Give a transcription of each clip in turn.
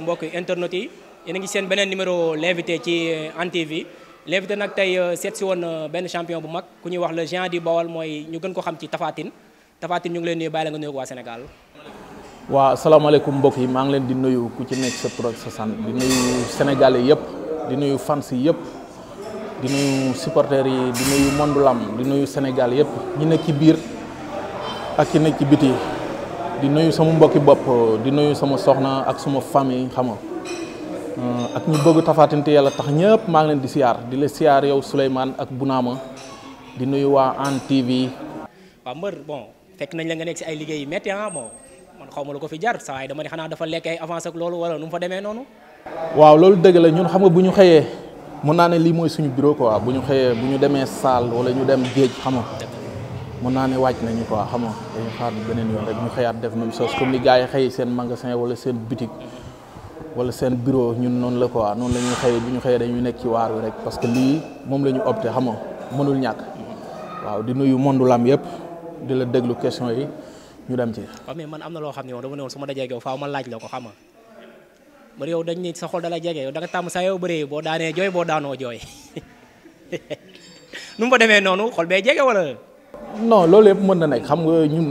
mbokk internet yi yéen ngi seen benen numéro l'invité ci euh, antv TV l'invité nag tey euh, seet si woon euh, benn champion bu mag ku ñuy wax le géant du bawal moy ñu gën ko xam ci tafatine tafatine ñu ngi leen nuyu bàyyi la nga nuyu wa Sénégal. wa waaw alaykum mbok yi ma ngi leen di nuyu ku ci nekk sa tur ak sa sant di nuyu sénégalais yépp di nuyu fans yi yépp di nuyu supporters yi di nuyu monde lam di nuyu Sénégal yépp ñi nekk ci biir ak ñi nekk ci biti. di nuyu sama mbokki bopp di nuyu sama soxna ak sama famille xam nga euh, ak ñu bëgg tafaatinte yàlla tax ñëpp maa ngi leen di siyaar di la siyaar yow Souleymane ak Bunaama di nuyu waa Hann TV. waaw mbër bon fekk nañ la nga nekk si ay liggéey yu métti ah bon man xaw ma la ko fi jar saa waaye dama ne xanaa dafa lekk ay avance ak loolu wala nu mu fa demee noonu. waaw loolu dëgg la ñun xam nga bu ñu xëyee mën naa ne lii mooy suñu bureau quoi bu ñu xëyee bu ñu demee salle wala ñu dem géej xam mun naa ne wàcc nañu ko xam nga dañu xaar beneen yoon rek ñu xëyaat def même chose comme ni gars yi xëy seen magasin wala seen boutique wala seen bureau ñun noonu la ko waa noonu la ñuy xëyee bu ñu xëyee dañuy nekk ci waar wi rek parce que lii moom la ñu opté xam nga mënul ñàkk waaw di nuyu monde lam yëpp di la déglu question yi ñu dem ci. waaw mais man am na loo xam ne moom dama ne woon su ma dajee yow faaw ma laaj la ko xam nga man yow dañ ne sa xol dala jege da nga tàmm saa yow bëree boo daanee jooy boo daanoo jooy ko demee noonu xol bee non loolu yëpp mën na nekk xam nga ñun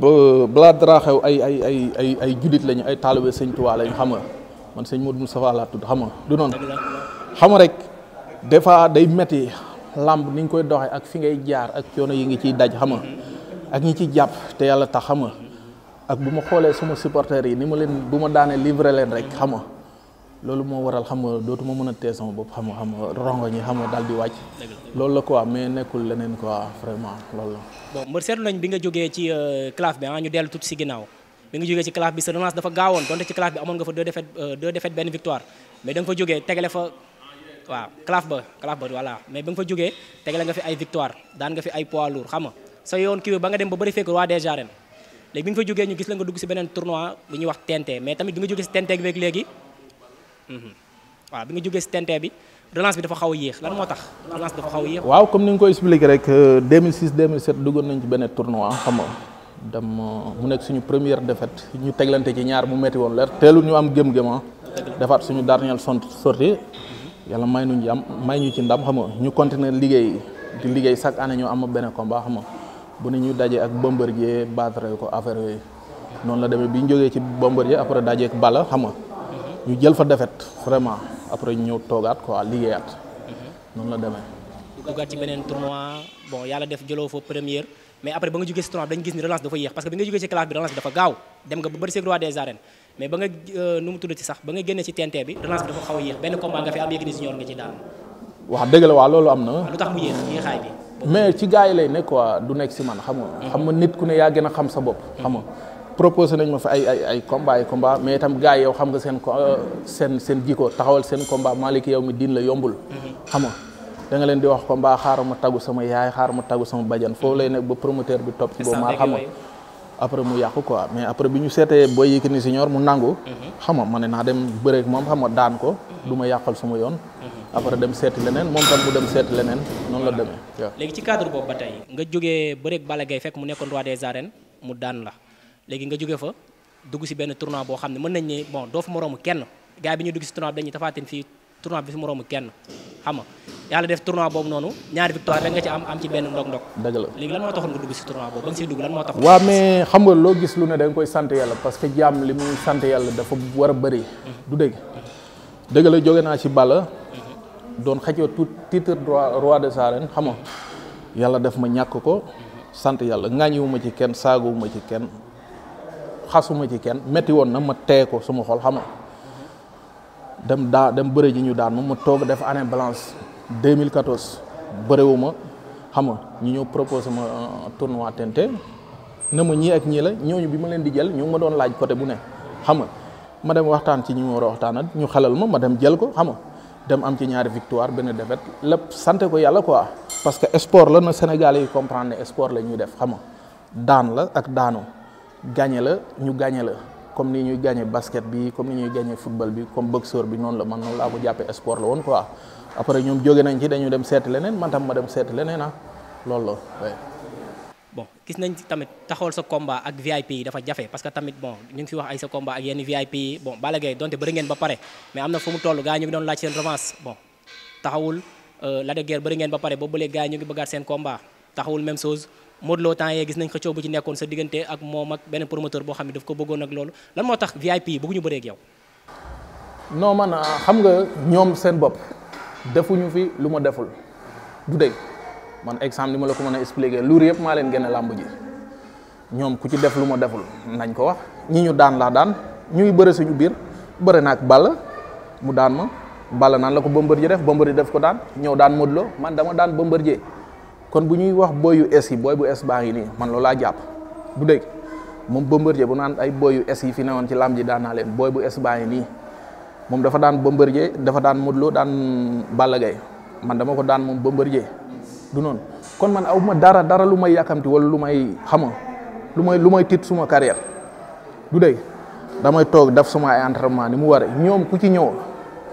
bu balaa dara xew ay ay ay ay ay jullit lañu ay taalibe sëñ Tuubaa lañu xam nga man sëñ Modou Moustapha laa tudd xam du noonu xam rek des day metti làmb ni ñu koy doxee ak fi ngay jaar ak coono yi ngi ciy daj xam ak ñi ciy jàpp te yàlla tax xam nga ak bu ma xoolee sama supporters yi ni ma leen bu ma daanee livré leen rek xam nga loolu mo waral xam nga dootuma mën a tee sama bop xam xam rongo ñi xam dal di wacc loolu la quoi mais nekul leneen quoi vraiment loolu bon mo seetlu nañ bi nga joggé ci euh, claf bi ah ñu dellu tout si ginnaaw bi nga joggé ci claf bi sa relance dafa gaawoon donte ci claf bi amon nga fa deux défaites euh, deux défaites ben victoire mais dang fa joggé tégalé fa wa claf ba claf ba voilà mais ba nga fa joggé tégalé nga fi ay victoire daan nga fi ay poids lourd xam sa yoon kii ba nga dem ba bari fekk roi des arènes légui bi nga fa joggé ñu gis la nga dugg ci benen tournoi bu ñu wax tenté mais tamit bi nga jógee si TNT beeg légui waaw bi nga jógee si TNT bi relance bi dafa xaw a yéex lan moo tax relance bi dafa xaw a yéex. waaw comme ni nga ko expliqué rek 2006 euh, 2007 duggoon nañ ci benn tournoi xam nga dem euh, mu nekk suñu première défaite ñu teglante ci ñaar mu metti woon leer teelu ñu am gëm ah. defaat suñu dernière sont sortie yàlla may ñu am may ñu ci ndam xam nga ñu continuer liggéey di liggéey chaque année ñoo am benn combat xam nga bu ne ñu dajee ak Bombardier battre ko affaire yooyu noonu la demee bi ñu jógee ci Bombardier après dajee ak xam nga ñu jël fa defet vraiment après ñu ñëw toogaat quoi liggéeyaat. Mhm. noonu la demee. duggaat ci beneen tournoi yàlla def jëloo fa première mais après ba nga jógee si tournoi bi dañu gis ni relance bi dafa gaaw dem nga ba bëri seeg roi des arènes euh, bi dafa xaw a yéex benn combat nga fi am Yékini Junior nga ci daan. waaw dëgg la waaw loolu am na. lu tax mu yéex yéexaay bi. mais ci gars yi lay nekk quoi du nekk si man xam mhm. xam nga nit ku ne yaa gën a xam sa bopp. xam proposé nañ ma fa ay ay ay combat ay combat mais itam gars yi yow xam nga seen euh, seen seen jikko taxawal seen combat Malick yow mi diin la yombul mm-hmm. xam nga da nga leen di wax combat xaaral ma taggu sama yaay xaaral ma taggu sama bajan foofu lay nekk ba promoteur bi topp ci boobu maa xam nga daan ko mm-hmm. du yàqal suma yoon mm-hmm. après dem seeti leneen moom tam mu dem seeti leneen noonu la demee waaw léegi ci cadre boobu ba tey nga jógee bëreek Balla Gaye fekk mu nekkoon roi des arènes mu daan la legi nga joge fa dugg si ben tournoi bo xamne meun nañ ni bon do fa moroomu kenn gaay bi ñu dugg si tournoi bi dañuy fi fii tournoi bi fi moroomu kenn xam nga yalla def tournoi bobu nonu, ñaari victoire rek nga ci am am ci ben ndok ndok deug la legi lan mo taxoon nga dugg si tournoi bobu ba ci dugg lan mo tax. wa mais xam nga lo gis lu ne dang koy sante yalla parce que jam li mu sante yalla dafa wara a mhm. du deug deug la joge na ci Balla. Mhm. don tout titre droit roi de xam nga yalla def ma ñak ko. Mhm. yalla ngañu ma ci kenn ci kenn. xasuma ci kenn metti woon na ma teye ko suma xol xam nga dem daa dem bëre ji ñu daan ma ma toog def année blanche 2014 bërewu ma xam nga ñu ñëw proposé ma euh, tournoi TNT na ma ñii ak ñii la ñooñu bi ma leen di jël ñu ma doon laaj côté bu ne xam nga ma dem waxtaan ci ñi ma war ñu xelal ma ma dem jël ko xama dem am ci ñaari victoire benn défaite lépp sant ko yàlla quoi. parce que sport la na Sénégalais yi comprendre ne sport la ñuy def xama nga daan la ak daano gagné la ñu gagné la comme ni ñuy gagné basket bi comme ni ñuy gagné football bi comme boxeur bi noonu la man noonu laa ko jàppee sport la woon quoi après ñoom jóge nañ ci dañu dem seet leneen man tam ma dem seeti leneen ah loolu la oui. bon tamit taxawal sa combat ak VIP yi jafe parce que tamit bon ñu ngi fi wax ay sa comba ak yenn VIP yi bon Balla Gaye donte bëri ngeen ba pare mais am na fu mu toll gars ñu ngi doon laaj seen revanche bon taxawul euh, la de guerre bëri ngeen ba pare boobu léegi gars ñu ngi bëggaat seen combat taxawul même chose Modou Lo temps yee gis nañ xëccoo bu ci nekkoon sa diggante ak moom ak beneen promoteur boo xam ne daf ko bëggoon ak loolu lan moo tax VIP yi bëgguñu bëree ak yow. non man ah, xam nga ñoom seen bopp defuñu fi lu ma deful du dëgg man exemple ni ma la ko mën a expliquer luur yëpp maa leen gën a làmb ji ñoom ku ci def lu ma deful nañ ko wax ñi ñu daan laa daan ñuy bëre suñu biir bëre naag Balla mu daan ma Balla naan la ko Bombardier def Bombardier def ko daan ñëw daan Modou man dama daan Bombardier kon bu ñuy wax boyu s yi boy bu s ngi man lo japp jàpp bu dëgg bomber Bombardier bu naan ay boyu s yi fi newoon ci lam ji daan dan boy bu s baa ngi nii dafa daan Bombardier dafa daan modlo daan balagay man dama ko daan bomber Bombardier du non kon man awuma dara dara lu may yàkkamti wala lu may xama lu may lu may tiit suma carrière du deug damay tok daf suma ay entraînement ni mu waree ñom ku ci ñew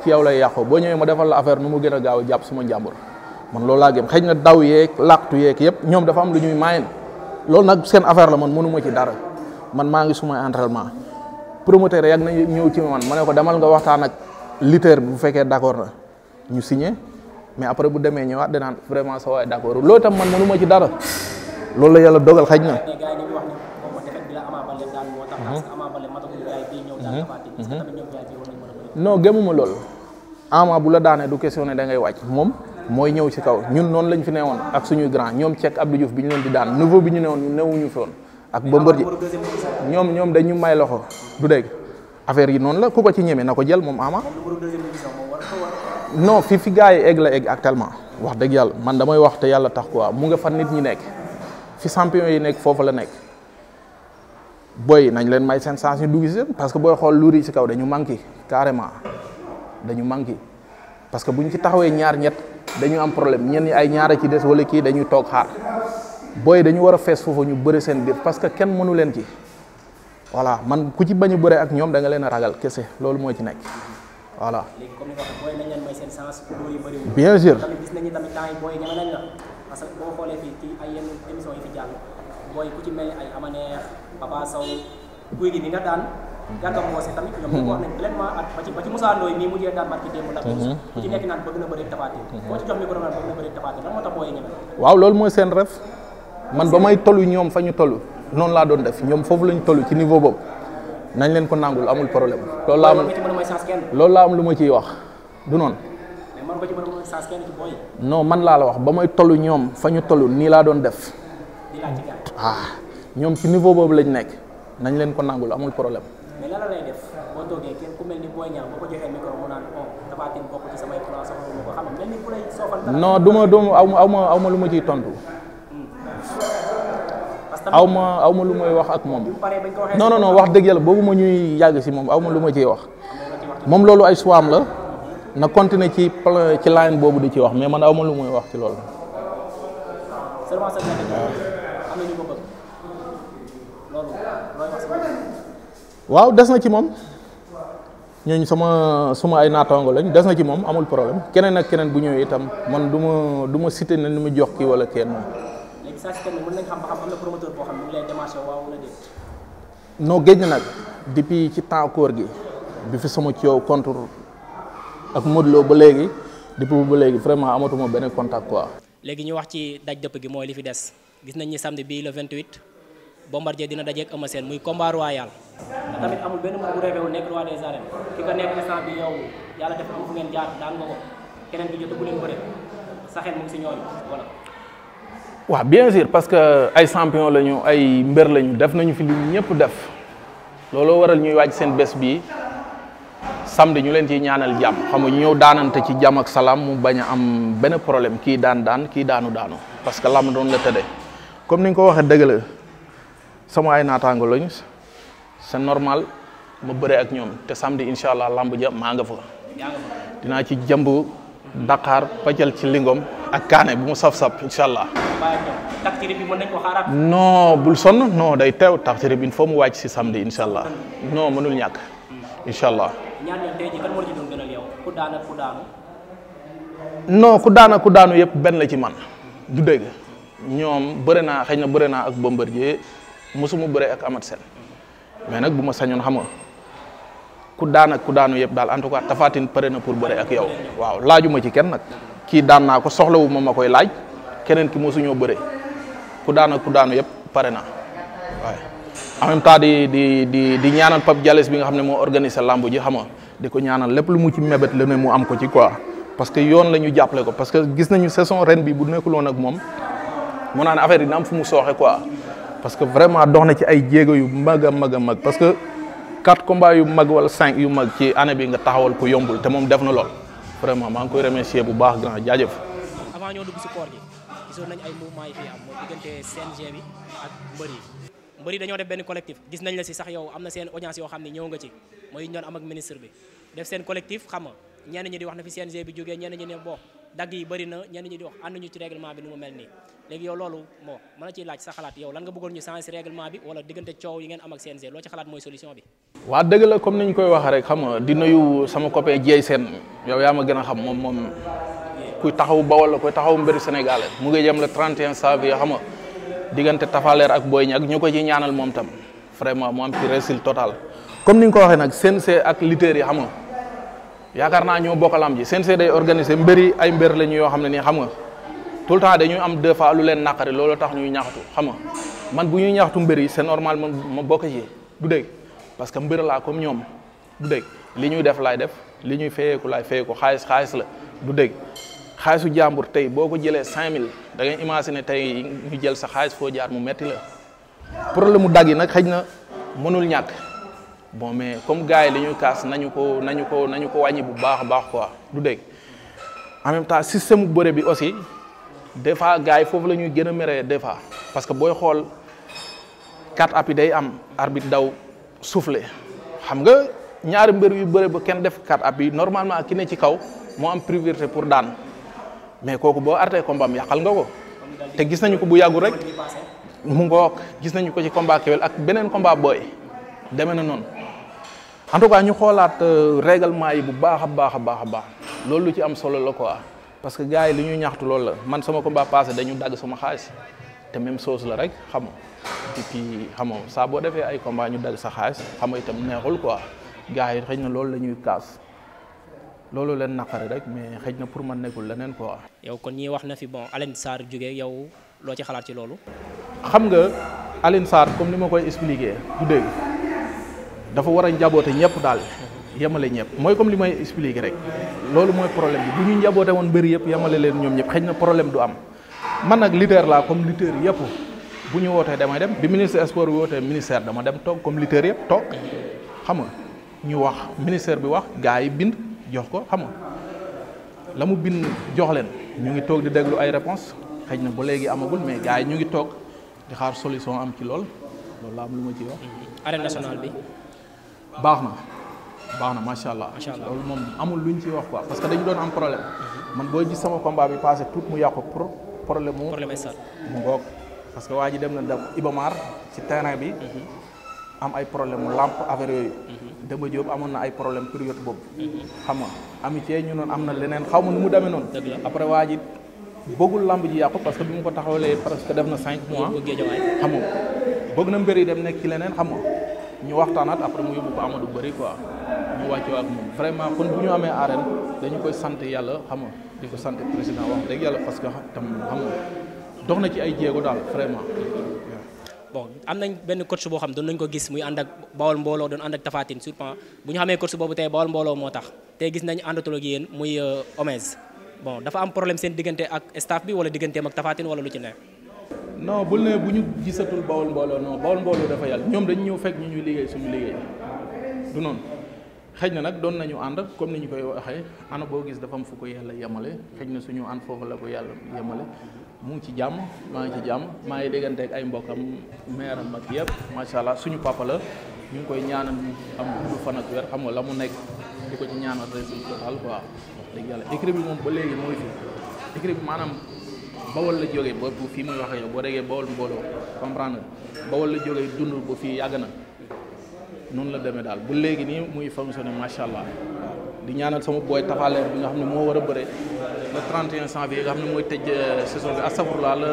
ci yaw lay yakko bo ñewé ma defal la affaire nu mu gëna gaaw japp suma jambour man lo la gem xëy na daw yek làqtu yek yep ñom dafa am lu ñuy mayen lool nak seen affaire la man mënuma ci dara man maa ngi suma entraînement promoteur yak na ñew ci man mané ko damal nga waxtaan ak lutteur bu fekkee d'accord na ñu signé mais après bu demee ñëwaat dinaan vraiment sa way d'accord lo tam man mënuma ci dara lool la yalla dogal xëy no non gëmuma loolu ama bu la daane du questionné da ngay wacc mom mooy ñëw ci kaw ñun noonu lañ fi ne woon ak suñu grand ñoom Cech Abdou Diouf bi ñu leen di daan niveau bi ñu newoon ñu newuñu fi woon ak Bombardier ñoom ñoom dañu may loxo du dégg affaire yi noonu la ku ci ñeme na ko jël moom ama non fi fi gars yi egg la egg actuellement wax dëgg yàlla man damay te yàlla tax quoi mu nga fan nit ñi nekk fi champion yi nekk foofu la nekk boy nañ leen may seen chance ñu dugg si parce que booy xool luuri si kaw dañu manqué carrément dañu manqué parce que buñ ci taxawee ñaar ñett. dañu am problème ñen ay ñaara ci dess wala ki dañu tok xaar boy dañu wara fess fofu ñu bëre seen bir parce que kenn mënu leen ci voilà man ku ci bañu bëre ak ñom da nga leen ragal kessé loolu mo ci nek voilà bien sûr boy ku ci ay amanex papa saw guuy gi ni nga Garga mhm. mhm. waaw loolu mooy seen ref man ba may toll ñoom fa ñu toll noonu laa doon def ñoom foofu lañ tollu ci niveau boobu nañ leen ko nangul amul problème loolu laa am loolu laa am lu ma ciy wax du noonu man laa la wax ba may toll ñoom fa ñu toll nii laa doon def ah ñoom ci niveau boobu lañ nekk nañ leen ko nangul amul problème mais lan la lay def boo toogee kenn du ma du ma aw ma lu ma ciy tontu. aw ma aw ma lu may wax ak moom. non no non wax dëgg yàlla boobu ma ñuy yàgg si moom aw ma lu ma ciy wax. moom loolu ay choix la. na continuer ci plan ci line boobu di ci wax mais man aw ma lu muy wax ci loolu. waaw des na ci moom ñooñu sama suma ay naataango lañ des na ci moom amul problème keneen ak keneen bu ñëwee itam man du ma du ma cité ne ni mu jox kii wala kenn léegi saa si kenn mën nañ xam ba xam am na promoteur boo xam ne lay démarché waaw wala déet non géej nag depuis ci temps koor gi bi fi sama ciow contour ak Modou ba léegi depuis ba léegi vraiment amatuma benn contact quoi léegi ñu wax ci daj dëpp gi mooy li fi des gis nañ ni samedi bii le 28 bombardier dina dajeeg ak Sène muy combat royal te tamit amul benn mbër rêvé wu nekk roi des arènes ki ko nekk instant bi yow yàlla def am fu ngeen jaar daan nga ko keneen bi jotagu leen bëre sa mu ngi si ñooñu voilà. waaw bien sûr parce que ay champion lañu ay mbër lañu def nañu fi lu ñëpp def looloo waral ñuy seen bés bii samedi ñu leen ciy ñaanal jàmm xam nga ñëw daanante ci jàmm ak salaam mu bañ a am benn problème kii daan daan kii daanu daanu parce que lam doon la tëddee comme ni nga ko waxee dëgg la sama ay naataango lañu c'est normal ma beure ak ñom té samedi inshallah allah lamb ja ma nga fa dina ci jëmb dakar ba jël ci lingom ak kané bu mu saf saf inshallah allah non bul son non day tew taxtiri bi fo mu wacc ci samedi inshallah allah non mënul ñàkk insha allah non ku daana ku daanu yépp ben la ci man du ñom beure na xeyna beure na ak bombardier musuma beure ak amat sen mais nag bu ma sañoon xam nga ku daan ku daanu yëpp daal en tout cas Tapha pare na pour bëre ak yow waaw laajuma ci kenn nag kii daan naa ko soxlawu ma ma koy laaj keneen ki mosuñoo bari ku daan ku daanu yëpp pare na waaye en même temps di di di di ñaanal Pape Diallis bi nga xam ne moo organiser lambu ji xam nga di ko ñaanal lépp lu mu ci mébét ne mu am ko ci quoi parce que yoon la ñu jàppale ko parce que gis nañu saison ren bi bu nekkul woon ak moom mu naan affaire yi dina am fu mu sooxe quoi parce que vraiment dox na ci ay jéego yu mag a mag a parce que quatre combats yu mag wala cinq yu mag ci année bi nga taxawal ko yombul te moom def na lool vraiment maa ngi koy remercier bu baax grand jaajëf. avant ñoo dugg si koor gi gisoon nañ ay yi mooy diggante CNG bi ak mbër yi mbër yi dañoo def benn collectif gis nañ la si sax yow am na seen audience yoo xam ne ñëw nga ci mooy ñoon am ak ministre bi def seen collectif xam nga ñenn ñi di wax na fi CNG bi jógee ñenn ñi ne dagg yi bëri na ñenn ñi di wax ànduñu ci règlement bi nu mu mel nii léegi yow loolu moo mën na ciy laaj sa xalaat yow lan nga bëggoon ñu changer ci règlement bi wala diggante coow yi ngeen am ak CNG loo ci xalaat mooy solution bi waa dëgg la comme niñ koy waxee rek ma gën a xam moom moom kuy ak Boy Niang ñu ko ci moom tam vraiment mu am ci réussite total comme ni nga ko waxee nag CNG ak lutteurs yi xam Ya na ñu bokk lam ji CNG day organiser mbëri ay mbër lañu yo xamne ni xam nga tout temps dañuy am deux fois lu leen nakari lolu tax ñuy ñaxtu xam nga man bu ñuy ñaxtu mbër c'est normal man ma bokk ci du deug parce que mbër la comme ñom du deug li ñuy def lay def li ñuy lay laay ko xaalis xaalis la du deug xaalisu jambour tay boko jëlé 5000 da ngay imaginer tay ñu jël sa xaalis fo jaar mu metti la problème mu dagi nak xajna mënul ñak bon mais comme gars yi li kaas nañu ko nañu ko nañu ko wàññi bu baax a baax quoi du dégg en même temps système bu bëre bi aussi des fois gars yi foofu la ñuy gën a meree des fois parce que booy xool quatre appuis day am arbitre daw soufflé xam nga ñaari mbër yu bëre ba kenn def quatre appuis normalement ki ne ci kaw moo am priorité pour daan mais kooku boo arrêté combat am yàqal nga ko te gis nañu ko bu yàggul rek mu ngoog gis nañu ko ci combat Kewel ak beneen comba booy demee na noonu. en tout ñu xoolaat euh, règlement yi bu baax a baax a baax a baax loolu lu ci am solo la quoi parce que gars yi lu ñuy ñaxtu loolu la man sama combat passé dañu dagg sama xaalis te même soos la rek xam nga et puis saa boo defee ay combat ñu dagg sa xaalis xam itam neexul quoi gars yi xëy na loolu la ñuy kaas loolu leen naqari rek mais xëy na pour man nekkul leneen quoi. yow kon ñii wax na fi bon Alioune saar jógee yow loo ci xalaat ci loolu. xam nga Alioune Sarr comme ni ma koy expliquer dafa wara a ñepp dal daal ñepp moy comme limay expliquer rek lolu moy problème bi bu ñu won woon bëri yëpp yemale leen ñom ñepp xëñna problème du am man nak leader la comme leader yëpp bu ñu wootee dem bi ministre sport woté ministère dama dem tok comme leader yëpp tok xam nga ñu wax ministère bi wax gaay yi bind jox ko xam nga lamu bind jox leen ñu ngi tok di déglu ay réponse xëñna bu légui amagul mais gaay ñu ngi tok di xaar solution am ci lool lool la am luma ci wax arène nationale bi baax na baax na macha allah. macha allah moom amul luñ ciy wax quoi parce que dañu doon am problème. man boo gis sama combat bi passé tout mu yàqu pro problème mu. problème mu ngoog parce que waa ji dem na dab Ibamar ci terrain bi. Mhm. am ay problème mu làmp affaire yooyu. Mhm. Demba Diop amoon na ay problème période boobu. Mhm. xam nga amitié ñu noonu am na leneen xaw ma nu mu demee noonu. après waa ji bëggul làmb ji yàqu parce que bi mu ko taxawalee presque def na cinq mois. xam bëgg na mbir yi dem nekk ci leneen xam ñu waxtanat après mu yobbu ko amadou bëri quoi ñu waccu ak mom vraiment kon bu ñu amee arène dañu koy sant yalla xam nga di ko président wax dëgg yalla parce que tam xam nga dox na ci ay djégo dal vraiment bon am nañ benn coach bo xam doon nañ ko gis muy andak bawol mbolo doon andak ak tafatine surpent bu ñu xamee coach bobu tay bawol mbolo motax tay gis nañ àndatoloog yeen muy euh, omez bon dafa am problème sen digënté ak staff bi wala digënté ak tafatine wala lu ci nekk non bul ne bu ñu gisatul bawol mbooloo non bawol mbooloo dafa yàlla ñoom dañu ñëw fekk ñu ñuy liggéey suñu liggéey du noonu xëj na nag doon nañu ànd comme ni ñu koy waxee ana boo gis dafa am fu ko yàlla yemale xëj na suñu ànd foofu la ko yàlla yemale mu ngi ci jàmm maa ngi ci jàmm maa ngi déggante ak ay mbokkam maire am ak yëpp macha allah suñu papa la ñu ngi koy ñaanal am lu fan ak weer xam nga la mu nekk di ko ci ñaanal résultat total quoi dëgg yàlla écrit bi moom ba léegi mooy fi écrit bi maanaam bawol la jógee ba bu fii muy waxee yow boo déggee bawol mbooloo comprendre bawol la jógee dund bu fii yàgg na noonu la demee daal bu léegi nii muy fonctionné macha allah di ñaanal sama booy tafaaleer bi nga xam ne moo war a bëre le cent bi nga xam ne mooy tëj euh, saison bi astafurlah le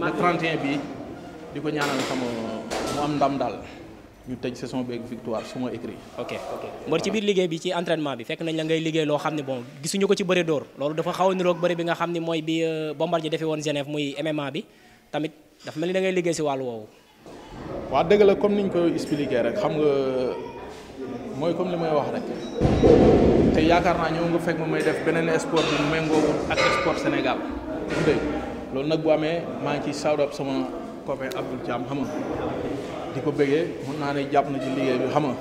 le 31 bi di ko ñaanal sama mu am ndam daal ñu tej saison bi ak victoire suma écrit ok ok mbor ci biir liguey bi ci entraînement bi fekk nañ la ngay liguey lo xamni bon gisunu ko ci béré d'or lolu dafa xaw a niroog bëre bi nga xamni moy bi euh, bombardier défé won genève muy mma bi tamit dafa melni da ngay liguey ci walu wowo wa dëgg la comme niñ ko expliquer rek xam nga moy comme limay wax rek té yaakar na ñoo nga fekk mo may def benen sport bu méngoowul ak sport sénégal lolu nak bu amé ma ngi ci sawdab sama copain Abdou Diam xam nga di ko bëggee mun naa ne jàpp na ci liggéey bi xam nga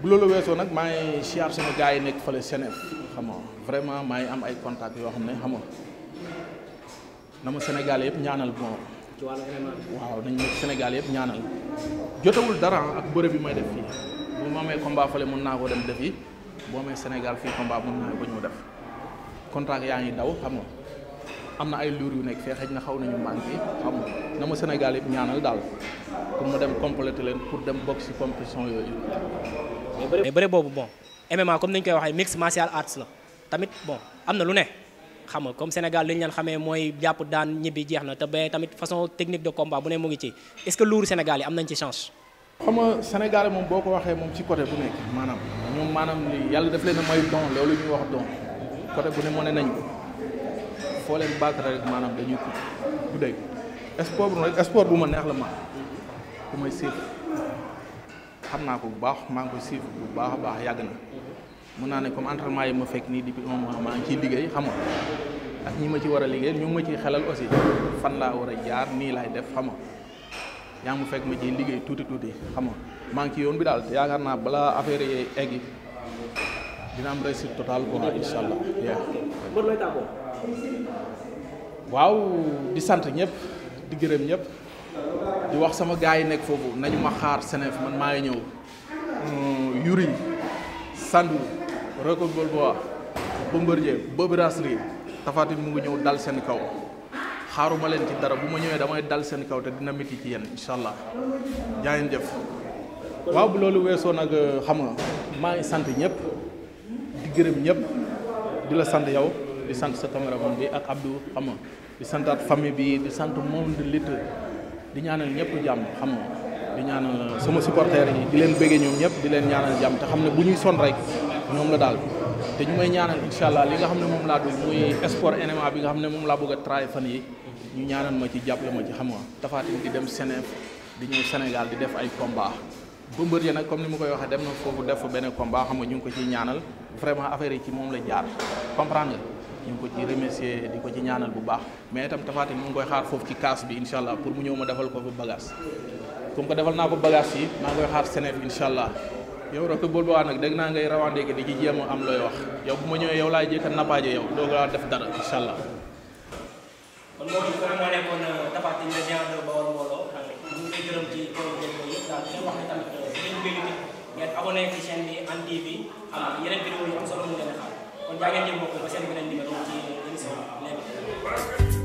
bu loolu weesoo nag maa ngi siyaar sama gars yi nekk fële Senef xam nga vraiment maa ngi am ay contact yoo xam ne xam nga na ma Sénégal yëpp ñaanal bon waaw nañ nekk Sénégal yëpp ñaanal jotewul dara ak bërëb bi may def fii bu ma amee combat fële mun naa ko dem defi boo amee Sénégal fii combat mun naa ko ñëw def contact yaa ngi daw xam nga amna ay luur yu nek fee na xaw nañu manqué xam na ma Sénégal yëpp ñaanal dal comme mo dem compléter len pour dem bokk ci compétition yoyu mais bëre bobu bon MMA comme ni koy waxe mix martial arts la tamit bon amna lu ne xam nga comme Sénégal li ñu leen xamee mooy jàpp daan ñibi jeex na te ba tamit façon technique de combat bu ne mo ngi ci est-ce que luuru Sénégal yi am ci chance. xam nga Sénégal moom boko ko waxee moom ci côté bu nekk maanaam ñoom maanaam yalla daf leena may don loolu ñu wax don côté bu ne mo mën nañ ko. foo leen battre rek maanaam dañuy coupe du dégg sport bu rek sport bu ma neex la ma bu may siif xam naa ko bu baax maa ngi ko siif bu baax a baax yàgg na mun naa ne comme entraînement yi ma fekk nii depuis un maa ngi ciy liggéey xam nga ak ñi ma ci war a liggéey ñu ngi ma ciy xelal aussi fan laa war a jaar nii laay def xam nga yaa ngi mu fekk ma ciy liggéey tuuti tuuti xam maa ngi ci yoon bi daal te yaakaar naa balaa affaire yi egg dina am réussite totale quoi incha allah. waaw di sant ñëpp di gërëm ñëpp di wax sama gaa yi nekk foofu nañu ma xaar Senef man maa ngi ñëw hmm, Yuri Sandu Record Balboa Bombardier Bobby Lashley Tapha Tine mu ngi ñëw dal seen kaw xaaruma leen ci dara bu ma ñëwee damay dal seen kaw te dina métti ci yéen incha allah jaayeen jëf waaw bu loolu weesoo nag xam nga maa ngi sant ñëpp di gërëm di la sant yow di sant sa caméraman bi ak Abdou xam nga di santaat famille bi di sant monde lutte di ñaanal ñëpp jàmm xam nga di ñaanal sama supporters yi di leen bëggee ñoom ñëpp di leen ñaanal jàmm te xam ne bu ñuy son rek ñoom la daal te ñu may ñaanal incha li nga xam ne moom laa dul muy sport MMA bi nga xam ne moom laa bëgg a traay fan yi ñu ñaanal ma ci jàppale ma ci xam nga tafaatin di dem Sénégal di ñëw Sénégal di def ay combat Bombardier nag comme ni ma koy waxee dem na foofu def benn combat xam nga ñu ngi ko ñaanal vraiment affaire yi ci moom la jaar comprendre ñu ngi ko ci remercier di ko ci ñaanal bu baax mais itam Tapha Tine mu koy xaar foofu ci kaas bi incha pour mu ñëw ma defal ko fi bagage comme que defal naa ko bagage yi maa ngi koy xaar Senef incha allah yow bool ba nag dégg naa ngay rawandeeke di ci jéem a am looy wax yow bu ma ñëwee yow laa jëkk a nappaaje yow doog laa def dara incha allah. kon moo ñu gërëm moo nekkoon euh, Tapha Tine le géant de Baol Mbollo vogliamo che andiamo a passare con il numero, non so,